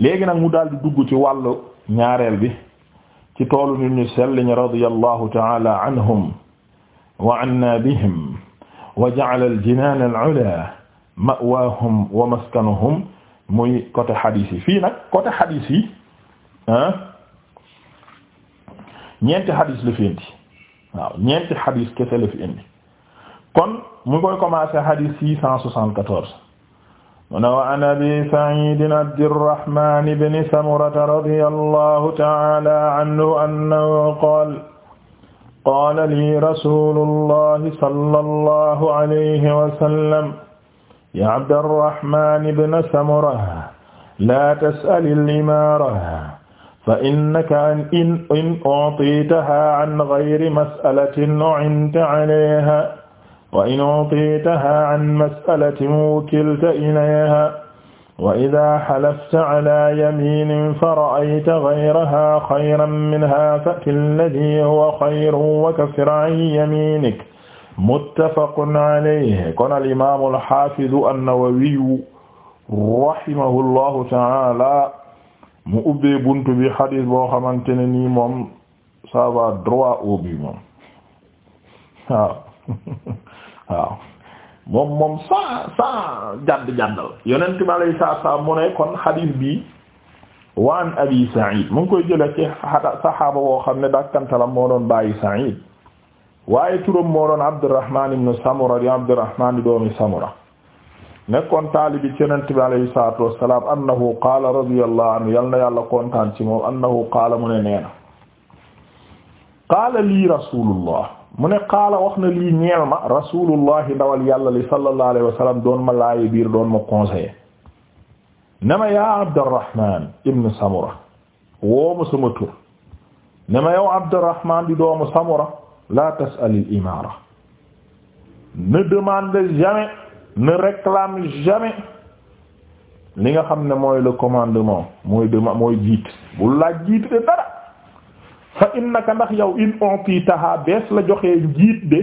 léegi nag mu daal di dugg ci wàllu ñaareel bi ci toolu nit ñu selliñ radiyallahu ta'ala anhum wa anna bihim wa ja'ala al-jinaan al-'ulaa ma'waahum wa maskanuhum muy côté hadith yi fii nag côté hadith yi ah ñeenti hadith la fi indi ñeenti hadith kese la fi kon mu koy commencer hadith six cent quatorze mu ne wa an abi saidin abdirrahman bni samurata radi allahu taala anhu annahu qaal qaala lii rasulullahi sallallahu alayhi wa sallam ya abdirrahman bna samura laa tas'ali al-imaara fa innaka in u'titaha an ghayri mas'alatin u'inta alayha wa in u'tiitahaa an mas'alatin wukilta ilayhaa wa idaa halafta calaa yamiinin fara'ayta gayrahaa xayran minhaa fa'ti alladii huwa xayrun wa kaffir can yamiinik muttafaqun calayhi kon al-imaamu al-xaafidu an-nawawiyu rahimahu llahu ta'aala mu ubbee buntu bi xadiis boo xamante ne nii moom ça va droit au but moom waaw waaw moom moom sans sans jadd jaddal yonent bi alayhi salaam mu ne kon xadiis bi wa an abi Saïd mu ngi koy jële saxaaba boo xam ne dakkantalam moo doon bàyyi Saïd turom turam moo doon Abdurrahman Samura di Abdurrahman di doomi Samura nekkoon taalibi ci yonent bi alayhi salaatu wassalaam annahu qaala radiyallahu anhu yal na yàlla kontaan ci moom annahu qaala mu ne nee na qaala lii rasulullah mu ne qaala wax na lii ñeel ma rasulullahi ndawal yàlla li sallallahu alayhi wa doon ma laayi biir doon ma conseiller ne ma yaa Abdurrahman ibn Samura woo ma sama tur ne ma yow Abdurrahman di doomu Samura la tas'alil imaara ne demande jamais ne réclame jamais li nga xam ne mooy le commandement mooy dema mooy jiit bu laaj jiit de dara fa innaka ndax yow in u'titaha bees la joxee njiit de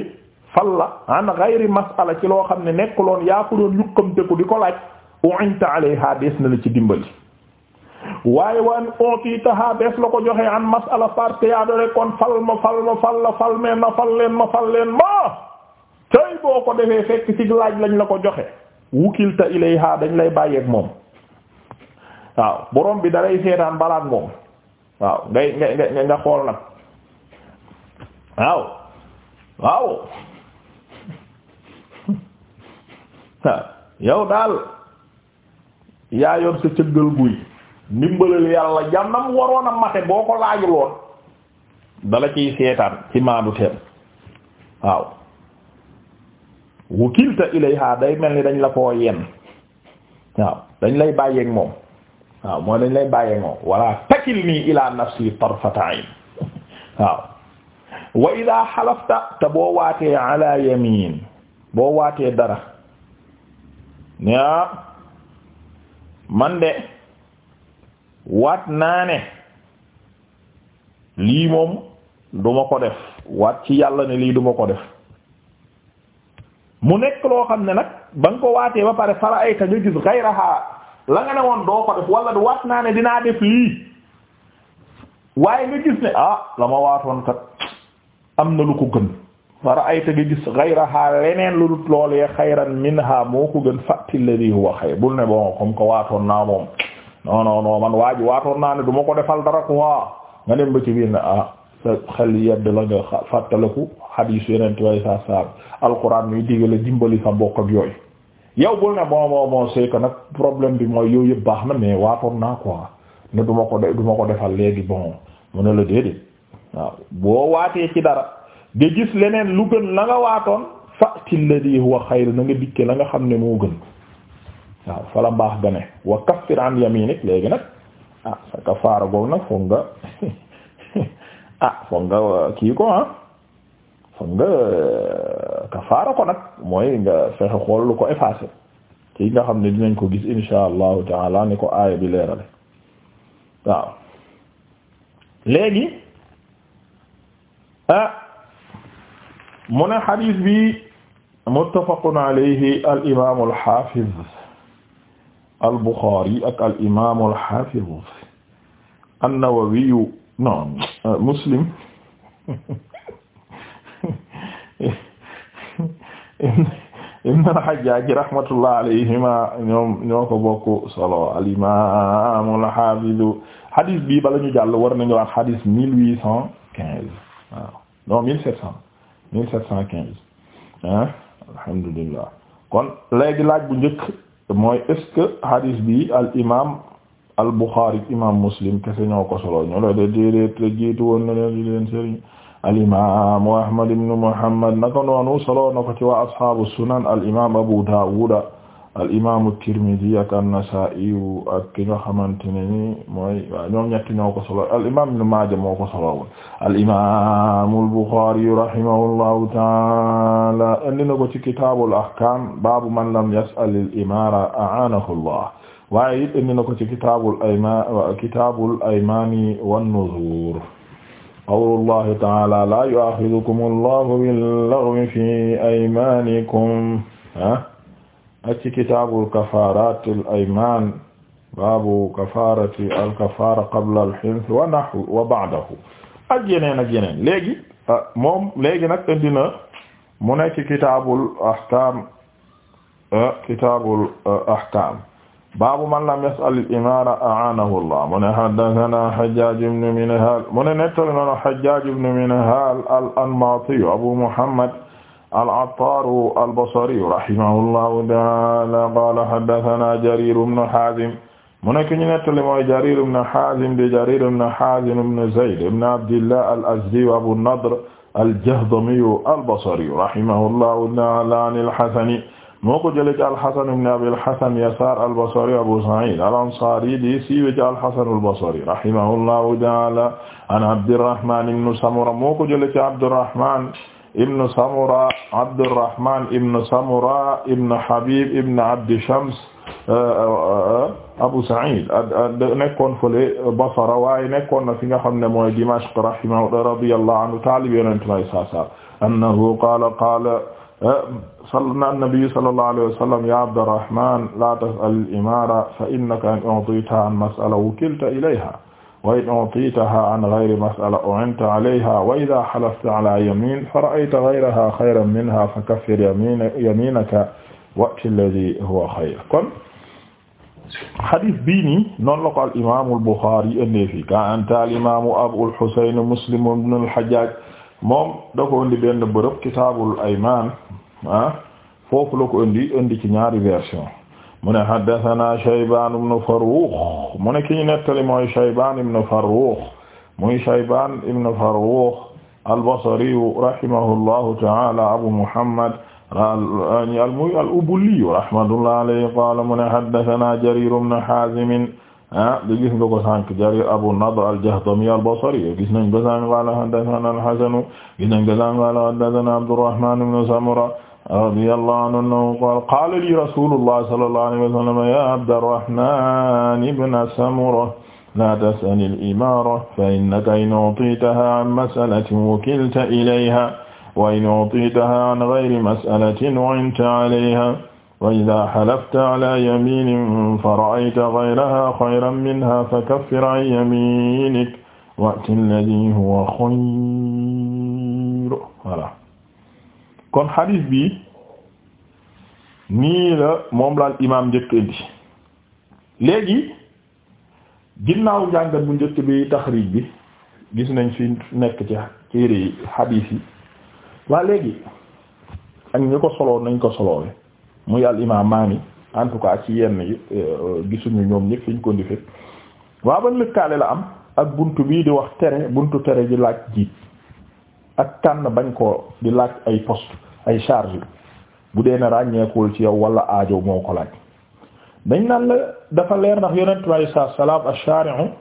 fal la an ghayri mas'ala ci loo xam ne nekkuloon yaa ko doon yukkamteku di ko laaj u'inta alayha bees na la ci dimbali waaye wa an u'titaha bees la ko joxee an mas'ala parce que yaa doon rekkoon fal ma fal ma fal la fal meen ma fal leen ma fal leen ma tey boo ko defee fekk ci laaj lañ la ko joxe wukilta ilayha dañ lay bàyyeeg moom waaw borom bi dalay seetaan balaat moom waaw ngay nga nga xool nag waaw waaw yow daal yaa yor sa cëggal guy ndimbalal yàlla jànnam waroon a mate boo ko laajuloon dala ciy seetaan ci maadu teen waaw wukilta ilayha day mel ni dañ la koo yenn waaw dañ lay bàyyeeg moom waaw mooy dañ lay bàyyee ngoo wala takilni ila nafsi tarfata ayn waaw wa ida xalafta te boo waatee ala boo waatee dara ñaa man de waat naa ne lii moom duma ko def waat ci yàlla ne lii duma ko def mu nekk loo xam ne nag ba nga ko waatee ba pare fara ay ta nga gis xayraha la nga ne woon doo ko def wala waat naa ne dinaa def lii waaye nga gis ne ah la ma waatoon kat am na lu ko gën fara ay te nga gis xayraha leneen lu dul loolee xayran minha moo ko gën fàtti ladhi huwa xayr bul ne bon comme que waatoon naa moom non non man waa waatoon naa ne du ma ko defal dara quoi nga dem ba ci biir ne ah sa xel yedd la nga fàttaliku xadiis yeneen way sa saab alquran muy digale dimbali sa mbokk ak yooyu. yow bul ne bon bon bon c'est que nag problème bi mooy yow yëpp baax na mais waatoon naa quoi ne du ma ko de du ma ko defal léegi bon mu ne la déedéet waaw boo waatee ci dara nga gis leneen lu gën la nga waatoon fa'ti alladhi huwa xayr na nga dikke la nga xam ne moo gën waaw fala mbaax ga ne wa kaffir an yaminik léegi nag ah sa kafaara goog nag foog nga ah foog nga uh, kii ko ah xam kafaara ko nag mooy nga fexe ko effacé ci nga xam ne dinañ ko gis insha allahu taala ni ko aaya bi leerale waaw léegi ah mu bi muttafaqun alayhi al imaamu al xaafiz al muslim ibn al-Hajjaj rahmatullah alayhima ñoom ñoo ko bokk solo al-imam al-hafiz hadith bi bala ñu jàll war nañu wax hadith mille huit cent quinze waaw non mille cent mille sept cent quinze ah alhamdulillah kon léegi laaj bu njëkk mooy est-ce que hadith bi al-imam al-Bukhari imam Muslim kese ñoo ko solo ñoo la de déedéet jiitu woon na leen di leen alimamu ahmad ibnu muhammad naka noonu solo na ko ci waa ashaabu sunan alimam abu daawuda alimamu tirmidi ak annasai ak ki nga xamante ne ni mooy ñoom ñetti ñoo ko solo alimam ibnu maaja moo ko solo woon alimamu albuxaari rahimahullahu taala andi na ko ci kitaabul ahkaam baabu man lam yas'al al imaara a'aanahu allah waaye it andi na ko ci kitaabul aymaan kitaabul aymaani wan nuzuur qawlullahi ta'ala la yu'akhidhukum allahu bil-laghwi fi aymanikum ah ak ci kitaabul kafaaratil aymaan baabu kafaarati al-kafaara qabla al-hinth wa nahwu wa ba'dahu ak yeneen ak yeneen léegi ah, moom léegi nag indi na mu nekk kitaabul ahkaam ah, kitaabul ah, ahkaam baabu man lam yas'al al-imaara a'aanahu Allah mu ne haddathanaa Hajjaaj ibn Minhaal mu ne nettali na Hajjaaj ibn Minhaal al-Anmaati Abu Muhammad al-Attaar al-Basri rahimahullahu ta'aala qaala haddathanaa Jariir ibn Haazim mu ne ki ñu nettali mooy Jariir ibn Haazim di Jariir ibn Haazim ibn Zayd ibn Abdillah al-Azdi Abu Nadr al-Jahdami al-Basri rahimahullahu ta'aala an al-Hasani moo ko jëlee ci alxasan ibn abil xasan yasaar albasari abu said al ansaari di siiwe ci alxasan albasari rahimahullahu taala an abdirahman ibnu samura moo ko jëlee ci abdirahman ibnu samura abdirahman ibnu samura ibnu habib ibnu abdi shams uh, uh, abu said nekkoon fële basara waaye nekkoon na fi nga xam ne mooy dimashq rahimahu radiyallahu anhu taalibi yonente may saasar annahu qaala qaala na annabi sallallahu alayhi wa sallam ya Abdurrahman la tas'al al-imara fa innaka in u'titaha an mas'ala wukilta ilayha wa in u'titaha an ghayri mas'ala u'inta alayha wa idha halafta ala yamin fara'ayta ghayraha khayran minha fakaffir yaminaka wa'ti alladhi huwa khayr kon hadith bii nii noonu la ko al imaamu al Buxaari indi fi ka anta al imaamu Abul Husayn Muslim ibn al Hajjaj moom da ko indi benn bërëb kitaabul aymaan ah foofu la ko indi indi ci ñaari version mu ne haddathana Shaybaan ibn Farrukh mu ne ki ñu nettali mooy Shaybaan ibn Farrukh muy Shaybaan ibn Farrukh al-Basri rahimahullahu ta'ala Abu Muhammad al-Ubulli rahmatullahi alayhi qaala mu ne haddathana Jarir ibn Haazim ah di gis nga ko sànq Jarir Abu Nadr al-Jahdami al-Basri gis nañ ko sànq qaala haddathana al-Hasan gis nañ ko sànq qaala haddathana Abdurrahman ibn Samura radiyallahu anhu qaala qaala lii rasuulullahi sallallahu alayhi wa sallam yaa Abdarrahmaan ibn Samura laa tas'al al-imaara fa innaka in u'tiitahaa an mas'alatin wukilta ilayhaa wa in u'tiitahaa an ghayri mas'alatin u'inta alayhaa wa idhaa halafta alaa yamiinin fara'ayta ghayrahaa khayran minhaa fakaffir an yamiinik wa'ti alladhii huwa khayr kon xadiis bii nii la moom laal imaam njëkk indi léegi ginnaaw njàngat bu njëkk bi taxriij bi gis nañ fi nekk ci téere yi xadiis yi waa léegi ak ñu ko soloo nañ ko soloowe muy al imaam maani en tout cas ci yenn yi euh, gisuñu ñoom ñëpp fiñ ko ndi fekk waa ban lëkkaale la am ak bunt bii di wax tere buntu tere ji laaj jiit ak tànn bañ koo di laaj ay poste ay charge bu dee ne ràññeekul ci yow wala aajo moo ko laaj dañ naan la dafa leer ndax yonent bi alayhi ak salaam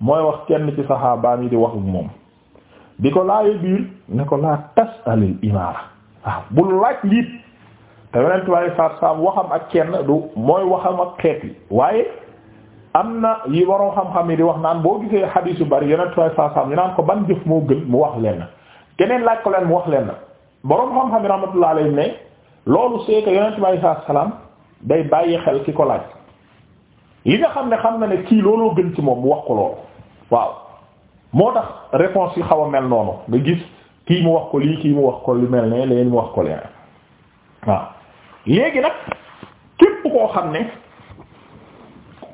mooy wax kenn ci saxaabaam yi di wax moom di ko laaye biir ne ko laa tas'alil imaara waaw bul laaj njiit te yonent bi alayhi waxam ak kenn du mooy waxam ak xeet yi waaye am na yi waroo xam-xam yi di wax naan boo gisee xadiis yu bari yonent bi alayhi salaatu naan ko ban jëf moo gën mu wax leen keneen laaj ko leen wax leen nag boroom xam-xam yi rahmatullah alayhi loolu c'est que yonent bi alayhi salaam day bàyyi xel ki ko laaj li nga xam ne xam na ne kii looloo gën ci moom mu wax ko loolu waaw moo tax réponse yi xaw a mel noonu nga gis kii mu wax ko lii kii mu wax ko lu mel ne leen mu wax ko leen waaw léegi nag képp koo xam ne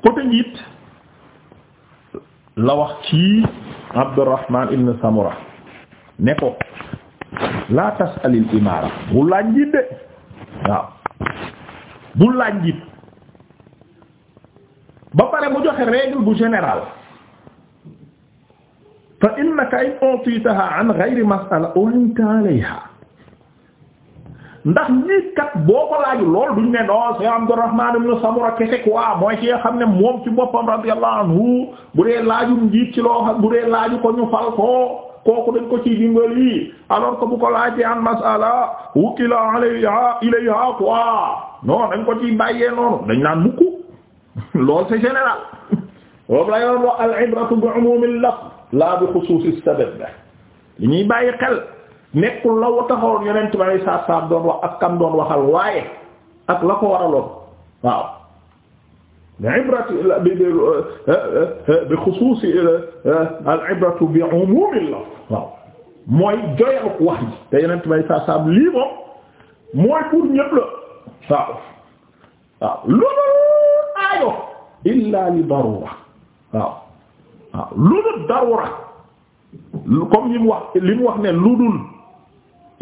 côté njiit la wax kii Abdurrahman ibn Samura ne ko laa tasalil imaara bu laaj njiit laaj njiit ba pare mu joxe règle bu général fa innaka in utitaha an ghayri mas'ala unta alayha ndax njiit kat boo ko laaju lool du ne non c'est Abdurrahman ibn Samura kese quoi mooy ci xam ne moom ci boppam radiyallahu anhu laaju njiit ci loo xam laaju ko ñu fal kooku dañ ko ci dimbal yi alors que bu ko laajee an masala wukila alayha ilayha quoi non dañ ko ci bàyyee noonu dañ naan mukk loolu c'est général moom la yoon wax al ibratu bi umumil lafz la bi xusuusi sabab li ñuy bàyyi xel nekkul la wa taxawoon yonent bi saa saa doon wax ak kam doon waxal waaye ak la ko waraloon bi ibrati bi xusuus al ibratu bi umumil laf waaw mooy joyal wax ji te yeneen may sa saab lii la waaw waaw loolu aajo illa li darura waaw waaw loolu darura comme li wax li mu wax ne lu dul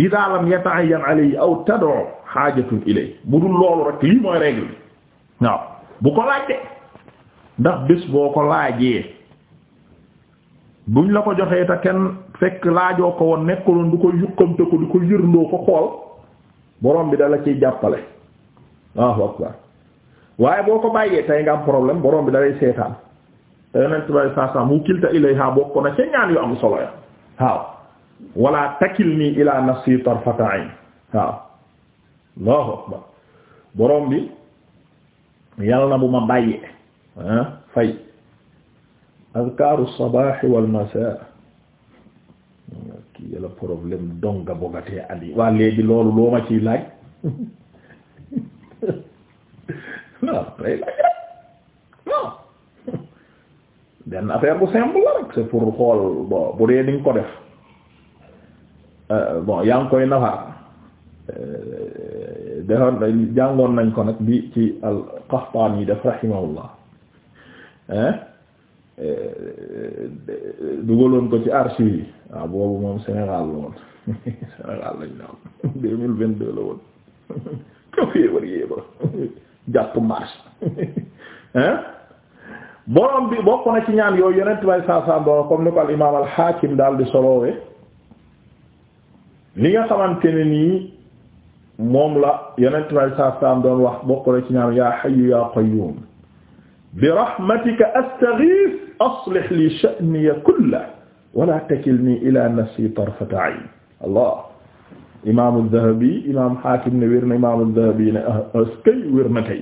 ida lam yata'ayyan alayhi aw tad'u xaajatun ilay bu bu ko laaj de ndax bés boo ko laajee buñ la ko joxee te kenn fekk laajoo ko woon nekkuloon du ko yukkamte ko du ko yërndoo ko xool boroom bi dala ciy jàppale waaye boo ko bàyyee tey nga am problème borom bi dalay seetaan te yonent bay saasaam wu kilta ilayha bokk na ca ñaan yu am solo ya waaw wala takilni ila nafsi tarfata ayn waaw allahu akbar bi yàlla na bu ma bàyyee ah fay azkaaru sabaaxi wal masaa kii yàlla problème donga bogatee andi waa léegi loolu loo ma ciy laaj waaw day affaire bu simple la rek c'est pour xool bu dee dinga ko def euh, bon yaa ngi koy nafa euh, defoon jàngoon nañ ko nag bi ci al Qahtani yi def rahimahullah dugaloon ko ci archive yi waaw ah, boobu moom Sénégal la Sénégal lañ la woon deux mille vingt deux la woon jàpp mars hein borom bi bokk na ci ñaan yooyu yonent bay saasaan doon comme ni ko al imaam al Hakim daal di solowee li nga xamante ne nii moom la yonent way saa saam doon wax bokk la ci ñaar yaa hayyu yaa qayyum bi rahmatika astaghith aslih li sha'niya kullahu wa la takilni ila nafsi tarfata 'ayn allah imaamu Dhahabi imaam Hakim ne wér na imaamu Dhahabi ne askay ah, wér na kay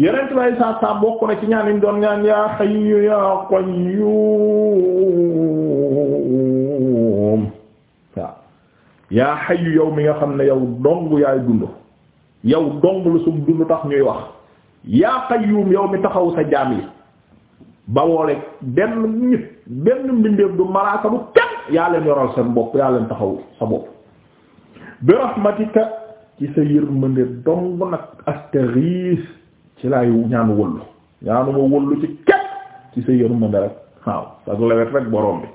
yonent way saa saam bokk na ci ñaan yi doon ñaan yaa hayyu yaa qayyum yaa xayu yow mi nga xam ne yow dong yaay dund yow dong la sum dund tax ñuy wax yaa qayyum yow mi taxaw sa jaam yi ba woole benn nit benn mbindeef du malaaka du kenn yaa leen yoral seen bopp yaa leen taxaw sa bopp bi rahmatika ci sa yërmande dong nag astaghis ci laay ñaan wëllu ñaanuma wëllu ci kenn ci sa yërmande rek waaw ak lewet rek borom bi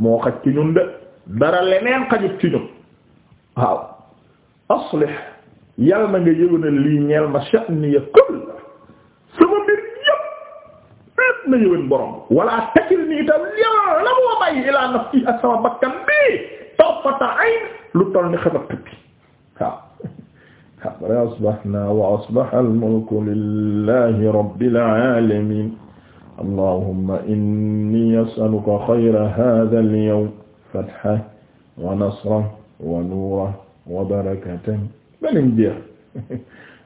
moo xaj ci ñun de dara leneen xajut ci ñun waaw aslih yàlla na nga yëwénal lii ñeel ma sha'ni ya kull sama mbir yëpp lépp na yëwén borom wala takilnii tam yàlla la moo bàyyi ilaa nafsi ak sama bakkan bi tarfata ayn lu toll ni xebat tëbbi waaw wa asbahna wa asbaha al-mulku lillahi rabbil alamin allahumma inni as'aluka khayra hadha al-yawm fathahu wa nasrahu wa nuura wa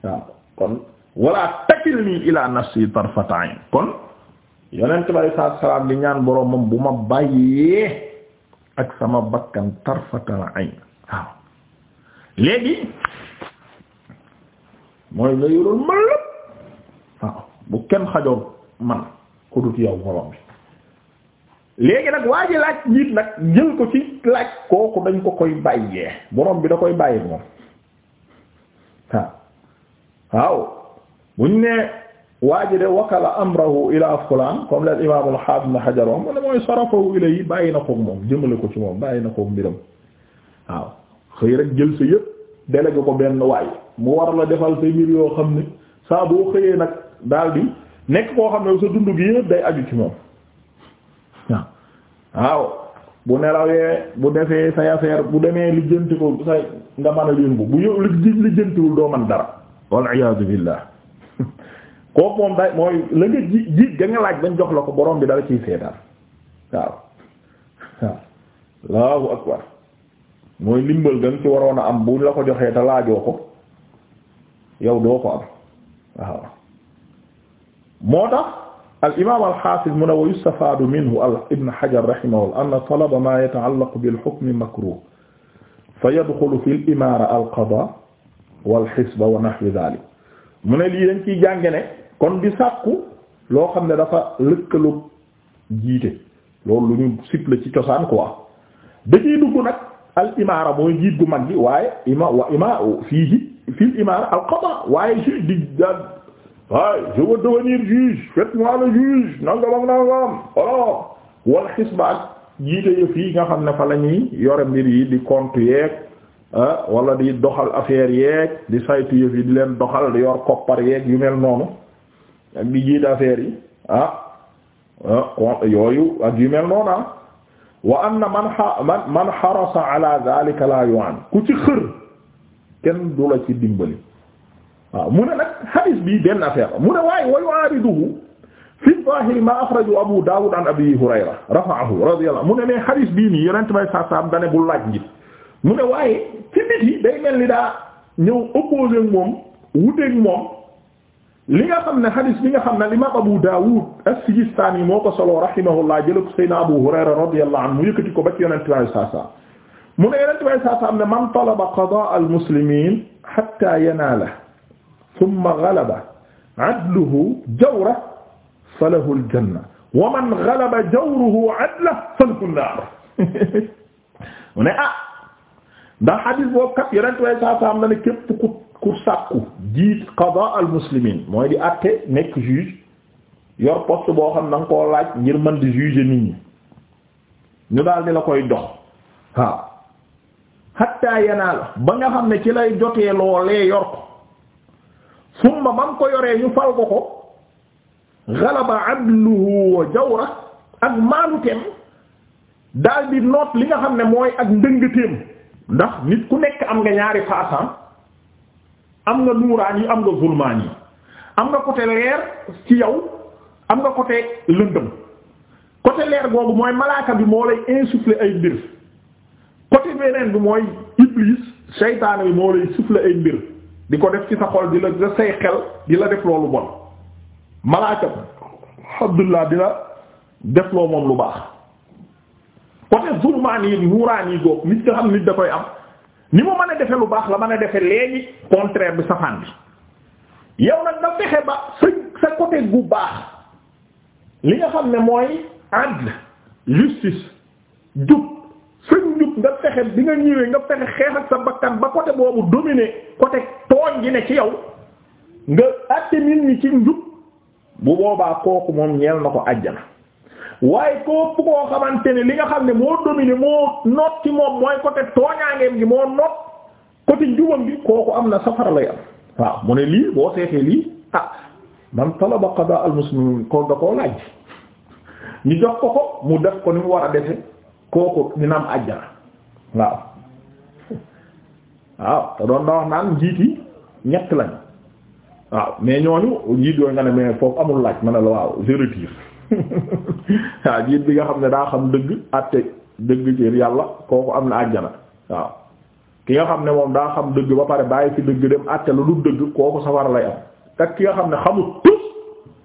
waaw kon wala takilni ila nafsi tarfata ayn kon yonent bi alayhi bu ma bàyyee ak sama bakkan tarfata ayn léegi mooy nga yoroon man lépp bu kenn xajoon man ku dut yow bi léegi nag waa laaj nit nag jël ko ci laaj kooku dañ ko koy bàyyee borom bi da koy bàyyi moom waaw buñ ne waa ji de wakala amrahu ila fulaan comme la imaam al-Hafiz na Hajar mu ne mooy sarafahu ilay bàyyi na koog moom jëmale ko ci moom bàyyi na koog mbiram waaw xëy rek jël sa yëpp délégué ko benn waay mu war la defal sa mbir yoo xam ne saa boo xëyee nag daal di nekk koo xam ne sa dund gi yëpp day aju ci moom waaw bu nelawee bu defee say affaire bu demee lijjanti ko say nga mën a yëngu bu yow lijjantiwul doo mën dara wal iyaadu billah kooku moom day mooy la nga ji ji ga nga laaj bañ jox la ko borom bi dala ciy seetaan waaw waaw allahu akbar mooy am bu la ko joxee te laajoo waaw moo tax al imaam al xaafiz mu ne wa yustafaadu minhu al ibn Hajar rahimahullah anna talaba maa yata'allaqu bil hukmi makruuh fa yadxulu fil imaara al qadaa wal hisba wa nahwi zaalik mu ne lii dañ ciy jànge ne kon di sàkku loo xam ne dafa lëkkalu jiite loolu lu ñu sible ci cosaan quoi da ciy dugg nag al imaara mooy jiit gu mag gi waaye ima wa ima fii fil imaara al qadaa waaye ju di waaye je veux devenir juge faites-moi le juge nangam ak nangam alors wal xisba ak jiite yëf yi nga xam ne fa la ñuy yore mbir yi di compte yeeg ah, wala di doxal affaire yeeg di saytu yëf yi di leen doxal di yor koppar yeeg yu mel noonu ak di jiite affaire yi ah, ah yooyu ak yu mel noonu ah wa anna man man man xarasa ala zalika la yu'an ku ci xër kenn du la ci dimbali waaw mu ne nag hadith bi benn affaire mu ne waaye wa yu'ariduhu fi zahiri ma axraju Abu Dawud an Abi Hurayra rafa'ahu radiyallahu mu ne mais hadith bii nii yonent may saa saam dane bu laaj ngi mu ne waaye ci biti day mel ni daa ñëw opposé ak moom wuteeg moom li nga xam ne hadith bi nga xam ne l'imam Abu Dawud as-Sijistani moo ko solo rahimahullah jël ko Seydina Abu Hurayra radiyallahu anhu mu yëkkati ko ba ci yonent may saa saam mu ne yonent may saa saam ne man talaba qadaa al-muslimin hatta yanalahu summa galaba adluhu jawra falahu aljanna wa man galaba jawruhu adla falahu naar mu ne ah ndax xadis boobu kat yonent way saa saam na ne képp ku jiit qadaa al mooy di àtte nekk juge yor poste boo xam na koo laaj ngir mën di juger nit ñi daal di la koy dox waaw hatta yanaala ba nga xam ne ci lay jotee loolee summa ba mu ko yoree ñu fal ko ko galaba adluhu wa jawra ak maanuteem daal di noot li nga xam ne mooy ak ndëngteem ndax nit ku nekk am nga ñaari façon am nga nuuraan yi am nga zulmaan yi am nga côté leer ci yow am nga côté lëndëm côté leer googu mooy malaaka bi moo lay insuffler ay mbir côté beneen bi mooy iblis seytaane bi moo lay souffler ay mbir di ko def ci sa xol di la di say xel di la def loolu bon malaaka Abdullah di la def loo moom lu baax côté zulmaan yi nuuraan yi góob nit nga xam nit da koy am ni mu mën a defe lu baax la mën a defe léegi contraire bi safaan bi yow nag da fexe ba sa côté gu baax li nga xam ne mooy adl justice jub sëñ njub nga fexe bi nga ñëwee nga fexe xeex ak sa bakkan ba côté boobu dominé côté tooñ gi ne ci yow nga àtte nit ñi ci njub bu boobaa kooku moom ñeel na ko àjjana waaye koo fu koo xamante ne li nga xam ne moo dominé moo noot ci moom mooy côté tooñaangeem gi moo noot côté njubam gi kooku am na safara lay am waaw mu ne lii boo seetee lii ah man talaba qadaa al muslimin kon da koo laaj ñu jox ko ko mu def ko ni mu war a defe kooku dinaa am àjjana waaw waaw te doon na wax naan njiit yi ñett lañ waaw mais ñooñu njiit yooyu nga ne mais foofu amul laaj ma ne la waaw je waaw njiit bi nga xam ne daa xam dëgg àtte dëgg ci yàlla kooku am na àjjana waaw ki nga xam ne moom daa xam dëgg ba pare bàyyi fi dëgg dem àtte lu dëgg kooku safara lay am tak ki nga xam ne xamul tous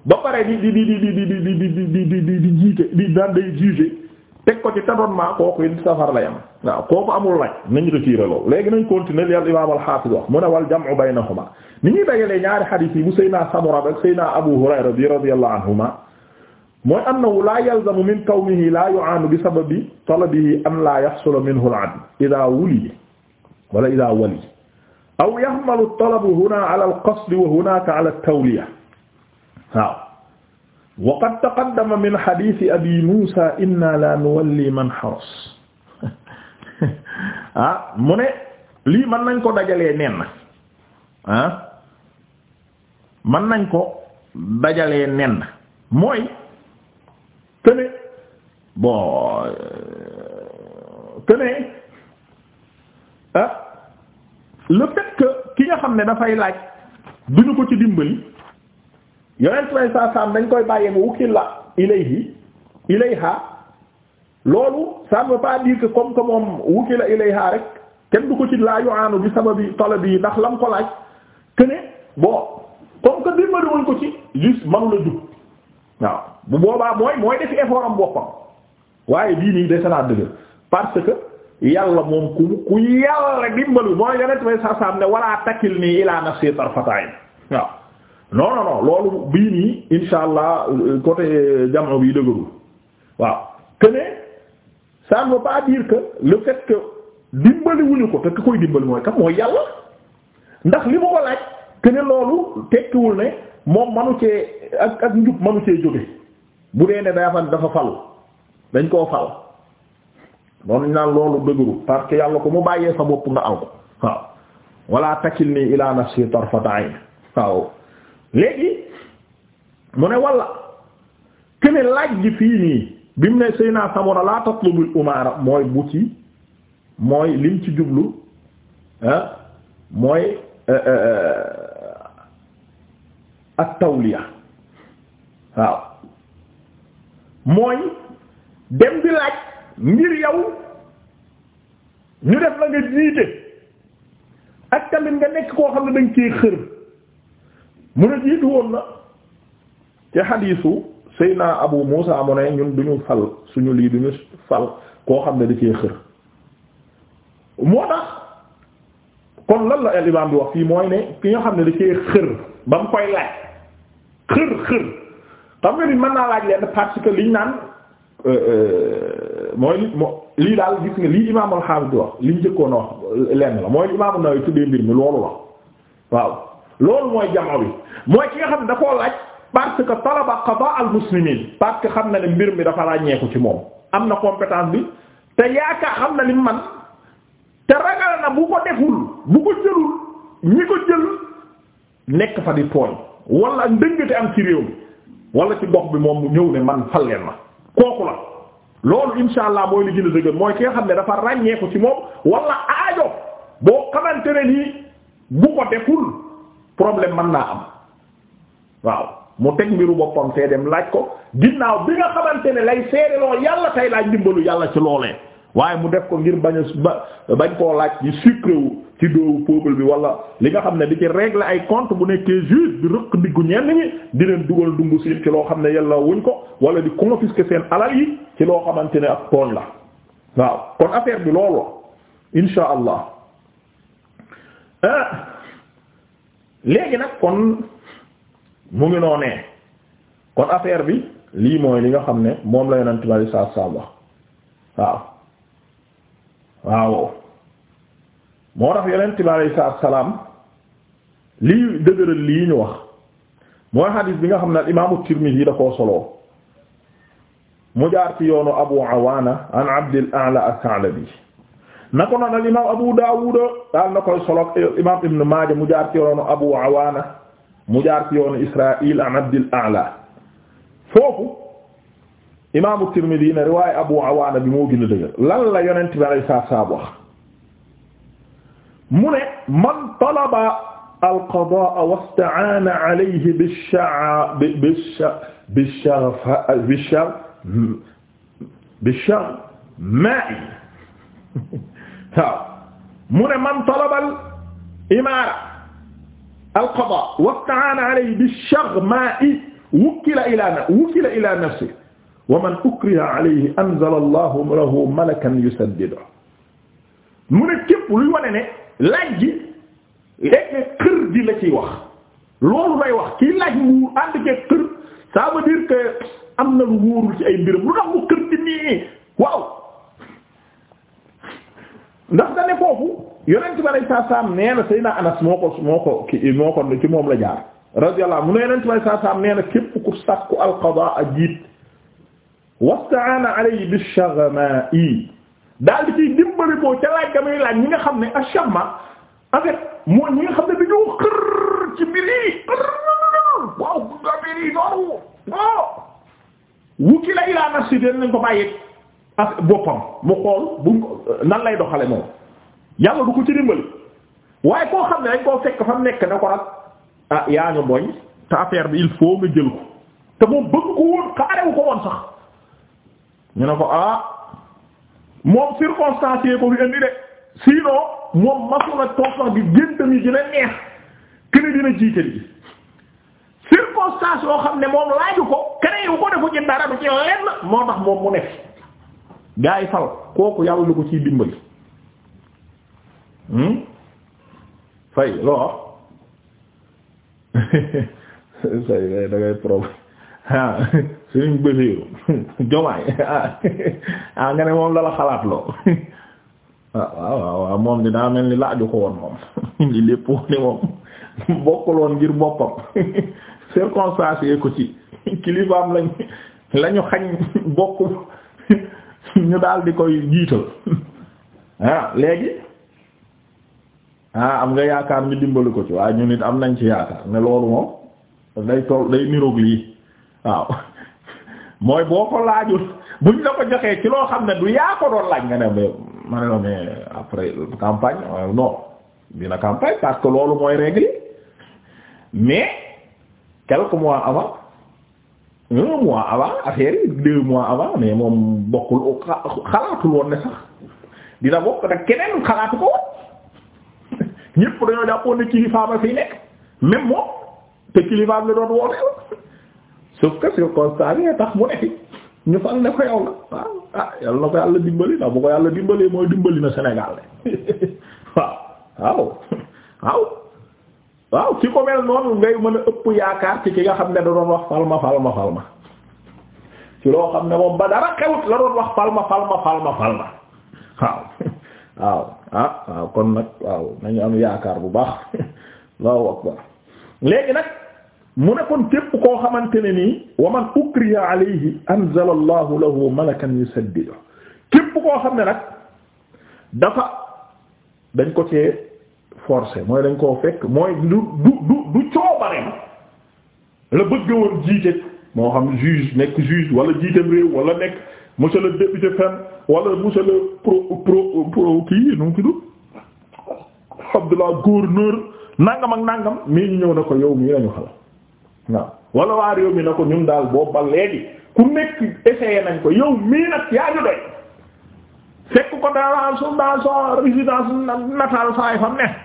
ba pare di di di di di di di di di di di jiite di daan day juger teg ko ci tâtonnement kooku it safar la yam waaw kooku amul laaj nañ retiré loolu léegi nañ continuer yàlla imaam al-Hafiz wax mu ne wal jam'u baynahuma ni ñuy dajalee ñaari hadith yi bu Seydina Samura ak Seydina Abu Hurayra bi radiyallahu anhuma mooy annahu la yalzamu min kawnihi la yu'anu bi sababi talabihi an la yahsula minhu al-'adl idha wuli wala idha wali aw yahmalu at-talab huna ala al-qasd wa hunaka ala at-tawliya waaw wa qad taqaddama min hadiisi abi Muusa inna la nuwalli man xaras ah mu ne lii mën nañ ko dajalee nen ah mën nañ ko dajalee nen mooy tene bon tene euh, ah le ki nga xam ne dafay laaj duñu ko ci dimbali. yonent may saa dañ koy bàyyee bu wukkil la ilayhi ilayha loolu ça ne veut pas dire que comme que moom wukkil la ilayha rek kenn du ko ci laa yu'aanu bi sababi talab yi ndax lam ko laaj que ne bon comme que dimbali ko ci juste mënu la jub waaw bu boobaa mooy mooy defi effort am boppam waaye bii nii dese naa dëgg parce que yàlla moom ku ku yàlla dimbali mooy yonent may saa saam ne wala takil nii ilaa nafsi tarfata'in waaw. non non loolu bii nii insha allah côté euh, jamono bii dëgërul waaw que ne ça ne veut pas dire que le ko te ki koy dimbali mooy kam mooy yàlla ndax li ma laaj que ne loolu tekkiwul ne moom manu cee ak ak njub manu cee jóge bu dee ne dafa dafa fal dañ koo fal noonu ñu loolu dëgërul parce que yàlla ko mu bàyyee sa bopp nga aw ko waaw wala takilni ila nafsi tarfata ayn waaw léegi mu ne walla kene laaj gi fii nii bi mu ne sëy naa samora laa tatlubul umaara mooy bu ci mooy lim ci jublu ah, mooy eh, eh, eh, ak tawliya waaw mooy dem bi laaj ngir yow ñu def la nga jiite ak tamit nga nekk koo xam ne dañ cee xër mu ne jiitu woon na ci xadiisu Seyna Abu Muusa mu ne ñun duñu fal suñu lii duñu fal koo xam ne di cee xër moo tax kon lan la al imaam bi wax fii mooy ne ki nga xam ne da cee xër ba mu koy laaj xër xër xam nga ni mën naa laaj leen parce liñ naan euh, euh, mooy li moo lii daal gis nga lii imaam al-Hafiz wax liñ njëkkoon a wax lenn la mooy li imaam An-Nawawi tuddee mbir mi loolu la waaw loolu mooy jamaa bi mooy ki nga xam ne da koo laaj parce que talaba qadaa parce que xam na ne mbir mi dafa ràññeeku ci moom am na compétence bi te yaakaar xam na li man te ragal ko deful bu ko jël nekk fa di tooñ wala ndëngate am ci réew wala ci gox bi moom mu ñëw ne man fal leen ma kooku la loolu insha allah mooy li gën a mooy ki nga xam ne dafa ràññeeku ci moom wala aajo boo xamante ne nii bu ko deful. problème man naa am waaw mu teg mbiru boppam fee dem laaj ko ginnaaw bi nga xamante ne lay seede lool yàlla tey laaj dimbalu yàlla ci loolee waaye mu def ko ngir bañ a bañ koo laaj ci sucré wu ci doowu peuple bi wala li nga xam ne di ci régler ay compte bu nekkee juge di rëq diggu ñenn ñi di leen dugal dungu siin ci loo xam ne yàlla wuñ ko wala di confisquer seen alal yi ci loo xamante ne ak tooñ la waaw kon affaire bi loolu insha allah ah, léegi nag kon mu ngi noonee kon affaire bi lii mooy li nga xam ne moom la yonent bi saa saa wax waaw waaw moo tax yonent bi alayhi salaatu salaam lii dëgëral lii ñu wax mooy xadiis bi nga xam ne al imaamu Tirmidhi da koo soloo mu jaar ci yoonu Abu Awaana an Abdil A'la as-Sa'labi na ko noon al imaam Abu Daawud daal na koy solo imaam Ibn Maaja mu jaar ci yoonu Abu Awaana mu jaar ci yoonu Israa'il an Abdil A'la foofu imaamu Tirmidi ne riwaaya Abu Awaana bi moo gën a dëgër lan la yonent bi ay saab saab wax mu ne man talaba al-qadaa wasta'aana alayhi bish-sha'a bish-sha'a bish-sha'a bish-sha'a bish-sha'a ma'i waaw mu ne man talabal imaara alqada wasta'ana alayhi bish-shaghma'i wukkila ila wukkila ila nafsihi wa man ukriha alayhi anzala Allahu lahu malakan yusaddidu mu ne képp luy wane ne laaj gi léeg-léeg xër di la ciy wax loolu lay wax kii laaj mu ànd ke xër ça veut dire que am na lu wóorul ci ay mbiram lu tax mu xër di nii waaw ndax da ne foofu yonent bi alayhi salaam nee na Seydina Anas moo ko moo ko ci moom la jaar radiyallahu anhu mu a yonent bi alayhi salaam nee na képp ku sàkku alqadaa jiit wasta'ana alayhi bish-shaghma'i daal di ciy dimbali ko ca laaj damay laaj ñi nga xam ne ash-shaghma en fait mooy ñi nga xam ne dañoo xër ci mbir yi waaw mbir nafsi den nañ ko bàyyi ak boppam mu xool bu nan lay doxale moom yàlla du ko ci dimbali waaye koo xam ne dañ koo fekk fa mu nekk ne ko nag ah yaa ñu mooy te affaire bi il faut nga jël ko te moom bëgg ko woon xaarewu ko woon sax ñu ne ko ah moom circonstance yee ko fi indi de sinon moom masu toog sax di géntam yi dina neex kër dina jiital yi circonstance yoo xam ne moom laaju ko kere yu ko defu ci dara du ci lenn moo tax moom mu ne gaa yi fal kooku yàlla lu ko ciy dimbali hmm? fay loo suñu bëseeru jomaay ah nga ne moom la la xalaat loo ah moom di daa mel ni laaju ko woon moom li lépp ni moom bokkul woon ngir boppam circonstance ko ci kilifaam lañ lañu xañ bokk ñu daal di koy jiital ah léegi ah am nga yaakaar ñu dimbali ko ci waaye ñu nit am nañ ci yaakaar ne loolu moom day toll day niroog lii waaw mooy boo ko laajul buñ la ko joxee ci loo xam ne du yaa ko doon laaj euh, mooy règle mais quelques un mois avant affaire yi deux mois avant mais moom bokkul xalaatul woon ne sax dina bokk nag keneen xalaatu ko woon ñépp dañoo jàppoon ne kilifaama fiy nekk même moom te kilifaam la doon woote sauf que circonstance yi tax mu nekk ñu fal ne ko yow la waaw ah yàlla na ko yàlla dimbali ndax bu ko yàlla dimbalee mooy dimbali na Sénégal waaw waaw waaw waaw ci ko mel noonu ngay mën a ëpp yaakaar ci ki nga xam ne da doon wax falma falma falma loo xam ne moom ba wax falma falma falma falma waaw waaw ah waaw kon nag waaw nañu am yaakaar bu baax Allahu akbar léegi nag mu ne kon képp koo xamante ne nii wa man ukriya alayhi anzala Allahu lahu malakan yusaddidu képp koo xam ne nag dafa dañ ko cee forcé mooy dañ koo fekk mooy du du du du la bëgg woon moo xam juge nekk juge wala jiiteem réew wala nekk monsieur le wala monsieur pro pro pro kii nu mu tudd Abdullah gouverneur nangam ak nangam mais ñu ñëw na ko yow mii lañu xala waaw wala waa réew mi na ko ñun daal boobu ba léegi ku nekk essayé nañ ko yow mii nag yaa ñu doy fekk ko daal su daal soo résidence natale saa yi ne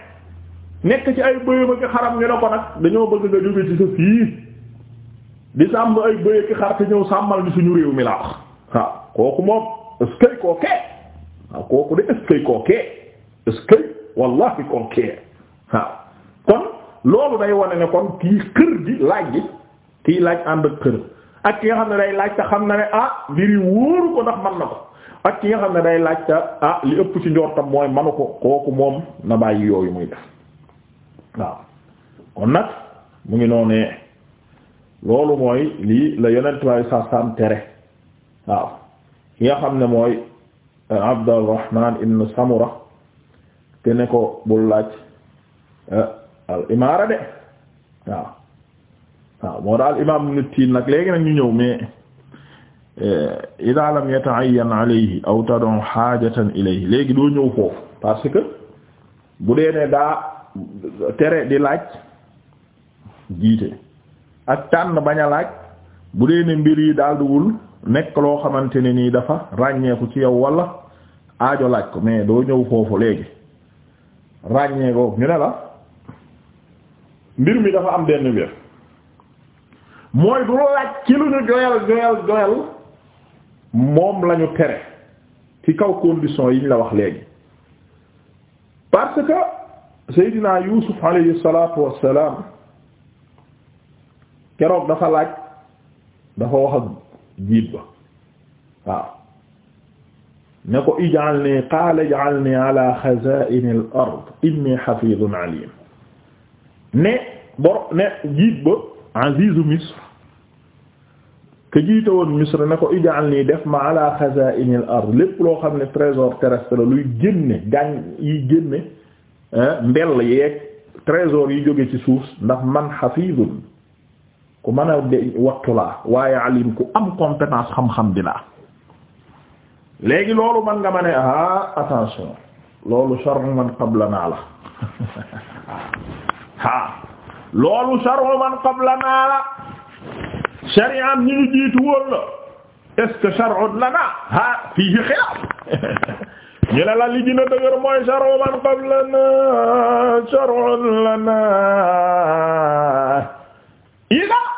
nekk ci ay bëyam ak xaram ñu ne ko nag dañoo bëgg nga jóge ci sa fii di sàmm ay bëy ak xar te ñëw sàmmal ni suñu réew mi laa wax waaw kooku moom eskay kookee waaw kooku de eskay kookee eskay wallahi kookee waaw kon loolu day wane ne kon kii xër gi laaj gi kii laaj ànd ak xër ak ki nga xam ne day laaj te xam na ne ah mbiri wóoru ko ndax man na ko ak ki nga xam ne day laaj te ah li ëpp ci njortam mooy manu ko kooku moom na bàyyi yooyu muy def waaw kon nag mu ngi noonee loolu mooy lii la yonent waaye tere waaw ki nga xam ne mooy euh, Abdurrahman ibn Samura te ne ko bul laaj euh, al imaara de waaw waaw moo daal imaam nit tiin nag léegi nag ñu ñëw mais euh, ida lam yata'ayyan alayhi aw tad'u haajatan ilayhi léegi doo ñëw foofu parce que bu dee ne daa tere di laaj jiite ak tànn bañ laaj bu dee ne mbir yi daal nekk loo xamante ne nii dafa ràññeeku ci yow wala aajo laaj ko mais doo ñëw foofu léegi ràññee ñu ne la mbir mi dafa am benn mbir mooy du laaj ci lu ñu doyal doyal doyal moom lañu tere ci kaw condition yiñ la wax léegi parce que Seydina Yuusuf alayhi salaatu wassalaam keroog dafa laaj dafa wax ak jiit ba waaw ne ko ij'alnii qaala ij'alnii alaa xazaa'ini al-ard innii hafiizun aliim ne bor ne jiit ba aziizu Misr ke jiite woon Misr ne ko ij'alnii def ma alaa xazaa'ini al-ard lépp loo xam ne trésor terrestre luy génne gaañ yi génne Eh, mbell yeeg trésor yi jóge ci suuf ndax man xafidun ku mën a de wattu laa waaye alim ku am compétence xamxam xam léegi loolu man nga ma ne ah attention loolu shar'u man qablanaa la ah loolu shar'u man qablanaa la sharia ñu ñu jiitu woon la est ce que shar'u lanaa xilaaf ñu ne la li gën a dëgër mooy sharu man qablana sharun lana ida